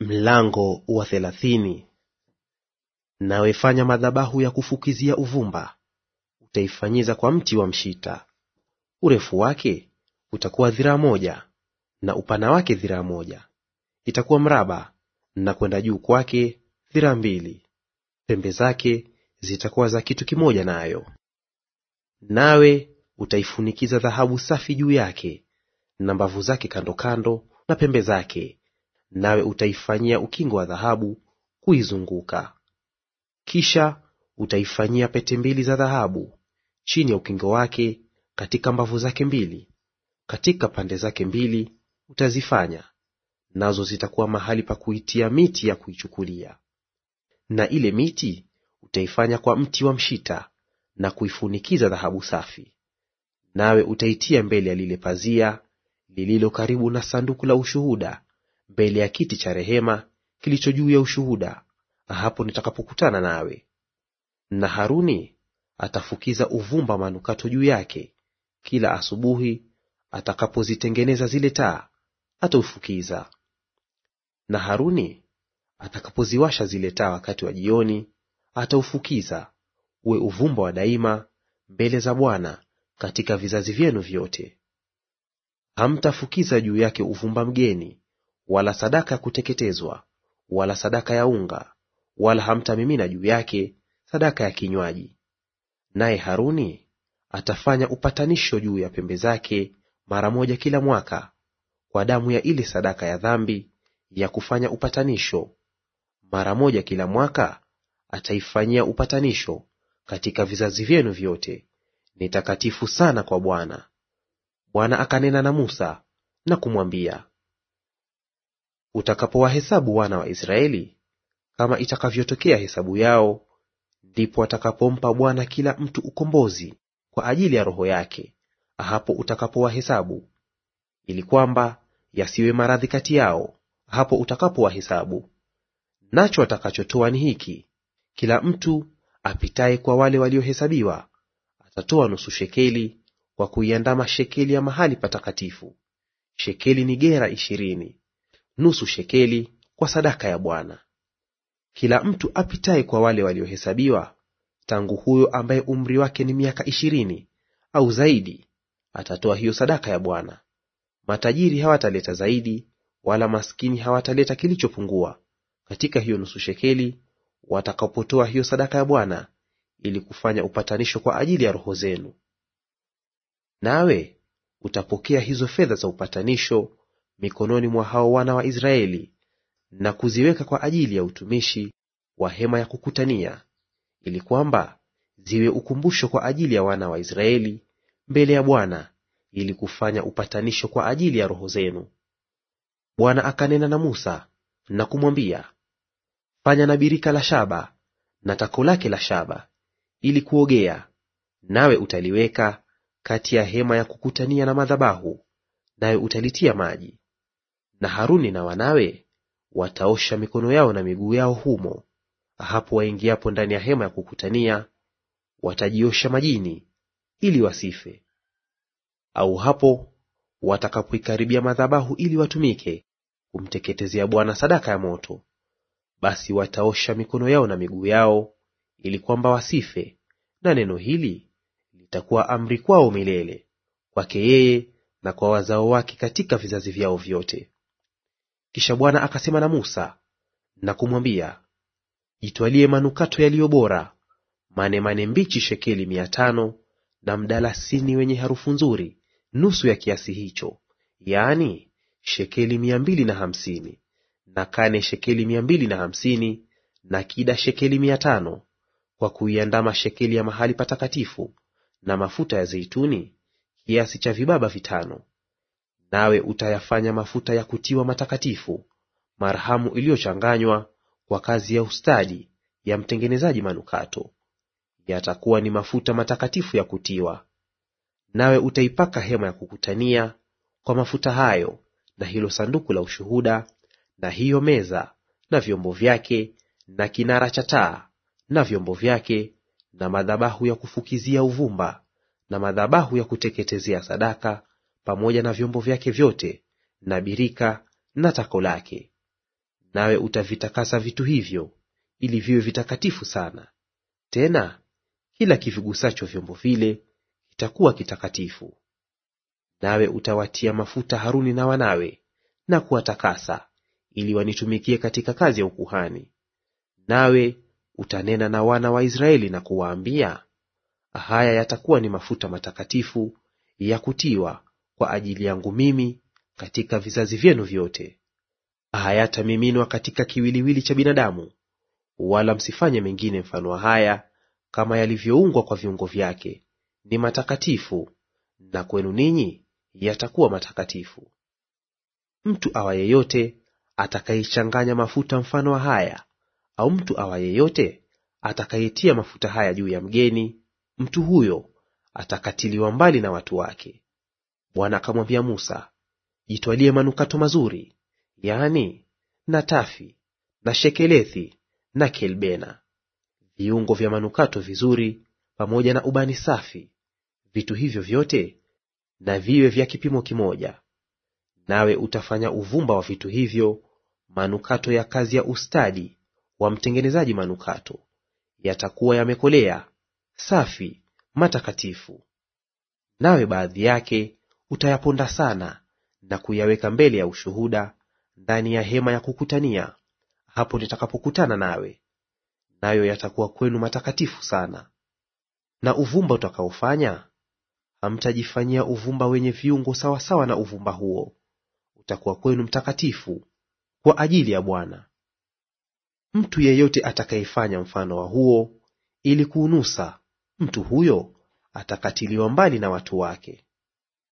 Mlango wa thelathini. Nawe fanya madhabahu ya kufukizia uvumba, utaifanyiza kwa mti wa mshita. Urefu wake utakuwa dhiraa moja na upana wake dhiraa moja, itakuwa mraba na kwenda juu kwake dhiraa mbili. Pembe zake zitakuwa za kitu kimoja nayo. Nawe utaifunikiza dhahabu safi juu yake na mbavu zake kando kando na pembe zake nawe utaifanyia ukingo wa dhahabu kuizunguka. Kisha utaifanyia pete mbili za dhahabu chini ya ukingo wake, katika mbavu zake mbili, katika pande zake mbili utazifanya nazo zitakuwa mahali pa kuitia miti ya kuichukulia. Na ile miti utaifanya kwa mti wa mshita na kuifunikiza dhahabu safi. Nawe utaitia mbele ya lile pazia lililo karibu na sanduku la ushuhuda mbele ya kiti cha rehema kilicho juu ya ushuhuda, hapo nitakapokutana nawe. Na Haruni atafukiza uvumba manukato juu yake; kila asubuhi atakapozitengeneza zile taa ataufukiza. Na Haruni atakapoziwasha zile taa wakati wa jioni, ataufukiza uwe uvumba wa daima mbele za Bwana katika vizazi vyenu vyote. Hamtafukiza juu yake uvumba mgeni wala sadaka ya kuteketezwa, wala sadaka ya unga, wala hamtamimina juu yake sadaka ya kinywaji. Naye Haruni atafanya upatanisho juu ya pembe zake mara moja kila mwaka kwa damu ya ile sadaka ya dhambi ya kufanya upatanisho; mara moja kila mwaka ataifanyia upatanisho katika vizazi vyenu vyote; ni takatifu sana kwa Bwana. Bwana akanena na Musa na kumwambia, Utakapowahesabu wana wa Israeli kama itakavyotokea hesabu yao, ndipo atakapompa Bwana kila mtu ukombozi kwa ajili ya roho yake, hapo utakapowahesabu, ili kwamba yasiwe maradhi kati yao hapo utakapowahesabu. Nacho atakachotoa ni hiki: kila mtu apitaye kwa wale waliohesabiwa atatoa nusu shekeli kwa kuiandama shekeli ya mahali patakatifu. Shekeli ni gera ishirini nusu shekeli kwa sadaka ya Bwana. Kila mtu apitaye kwa wale waliohesabiwa tangu huyo ambaye umri wake ni miaka ishirini au zaidi atatoa hiyo sadaka ya Bwana. Matajiri hawataleta zaidi, wala maskini hawataleta kilichopungua katika hiyo nusu shekeli watakapotoa hiyo sadaka ya Bwana, ili kufanya upatanisho kwa ajili ya roho zenu. Nawe utapokea hizo fedha za upatanisho mikononi mwa hao wana wa Israeli na kuziweka kwa ajili ya utumishi wa hema ya kukutania, ili kwamba ziwe ukumbusho kwa ajili ya wana wa Israeli mbele ya Bwana, ili kufanya upatanisho kwa ajili ya roho zenu. Bwana akanena na Musa na kumwambia, fanya na birika la shaba na tako lake la shaba ili kuogea, nawe utaliweka kati ya hema ya kukutania na madhabahu, nawe utalitia maji na Haruni na wanawe wataosha mikono yao na miguu yao humo. Hapo waingiapo ndani ya hema ya kukutania watajiosha majini, ili wasife. Au hapo watakapoikaribia madhabahu ili watumike kumteketezea Bwana sadaka ya moto, basi wataosha mikono yao na miguu yao, ili kwamba wasife, na neno hili litakuwa amri kwao milele, kwake yeye na kwa wazao wake katika vizazi vyao vyote. Kisha Bwana akasema na Musa na kumwambia, jitwalie manukato yaliyo bora, manemane mbichi shekeli mia tano na mdalasini wenye harufu nzuri nusu ya kiasi hicho, yaani shekeli mia mbili na hamsini na kane shekeli mia mbili na hamsini na kida shekeli mia tano kwa kuiandama shekeli ya mahali patakatifu, na mafuta ya zeituni kiasi cha vibaba vitano nawe utayafanya mafuta ya kutiwa matakatifu, marhamu iliyochanganywa kwa kazi ya ustadi ya mtengenezaji manukato; yatakuwa ni mafuta matakatifu ya kutiwa. Nawe utaipaka hema ya kukutania kwa mafuta hayo, na hilo sanduku la ushuhuda, na hiyo meza na vyombo vyake, na kinara cha taa na vyombo vyake, na madhabahu ya kufukizia uvumba, na madhabahu ya kuteketezea sadaka pamoja na vyombo vyake vyote na birika na tako lake. Nawe utavitakasa vitu hivyo ili viwe vitakatifu sana. Tena kila kivigusacho vyombo vile kitakuwa kitakatifu. Nawe utawatia mafuta Haruni na wanawe na kuwatakasa, ili wanitumikie katika kazi ya ukuhani. Nawe utanena na wana wa Israeli na kuwaambia, haya yatakuwa ni mafuta matakatifu ya kutiwa kwa ajili yangu mimi katika vizazi vyenu vyote. Hayatamiminwa katika kiwiliwili cha binadamu, wala msifanye mengine mfano wa haya, kama yalivyoungwa kwa viungo vyake; ni matakatifu, na kwenu ninyi yatakuwa matakatifu. Mtu awa yeyote atakayechanganya mafuta mfano wa haya, au mtu awa yeyote atakayetia mafuta haya juu ya mgeni, mtu huyo atakatiliwa mbali na watu wake. Bwana akamwambia Musa, jitwalie manukato mazuri, yaani natafi na shekelethi na kelbena, viungo vya manukato vizuri, pamoja na ubani safi; vitu hivyo vyote na viwe vya kipimo kimoja. Nawe utafanya uvumba wa vitu hivyo manukato ya kazi ya ustadi wa mtengenezaji manukato; yatakuwa yamekolea, safi, matakatifu. Nawe baadhi yake utayaponda sana na kuyaweka mbele ya ushuhuda ndani ya hema ya kukutania, hapo nitakapokutana nawe; nayo yatakuwa kwenu matakatifu sana. Na uvumba utakaofanya hamtajifanyia uvumba wenye viungo sawasawa na uvumba huo; utakuwa kwenu mtakatifu kwa ajili ya Bwana. Mtu yeyote atakayefanya mfano wa huo ili kuunusa, mtu huyo atakatiliwa mbali na watu wake.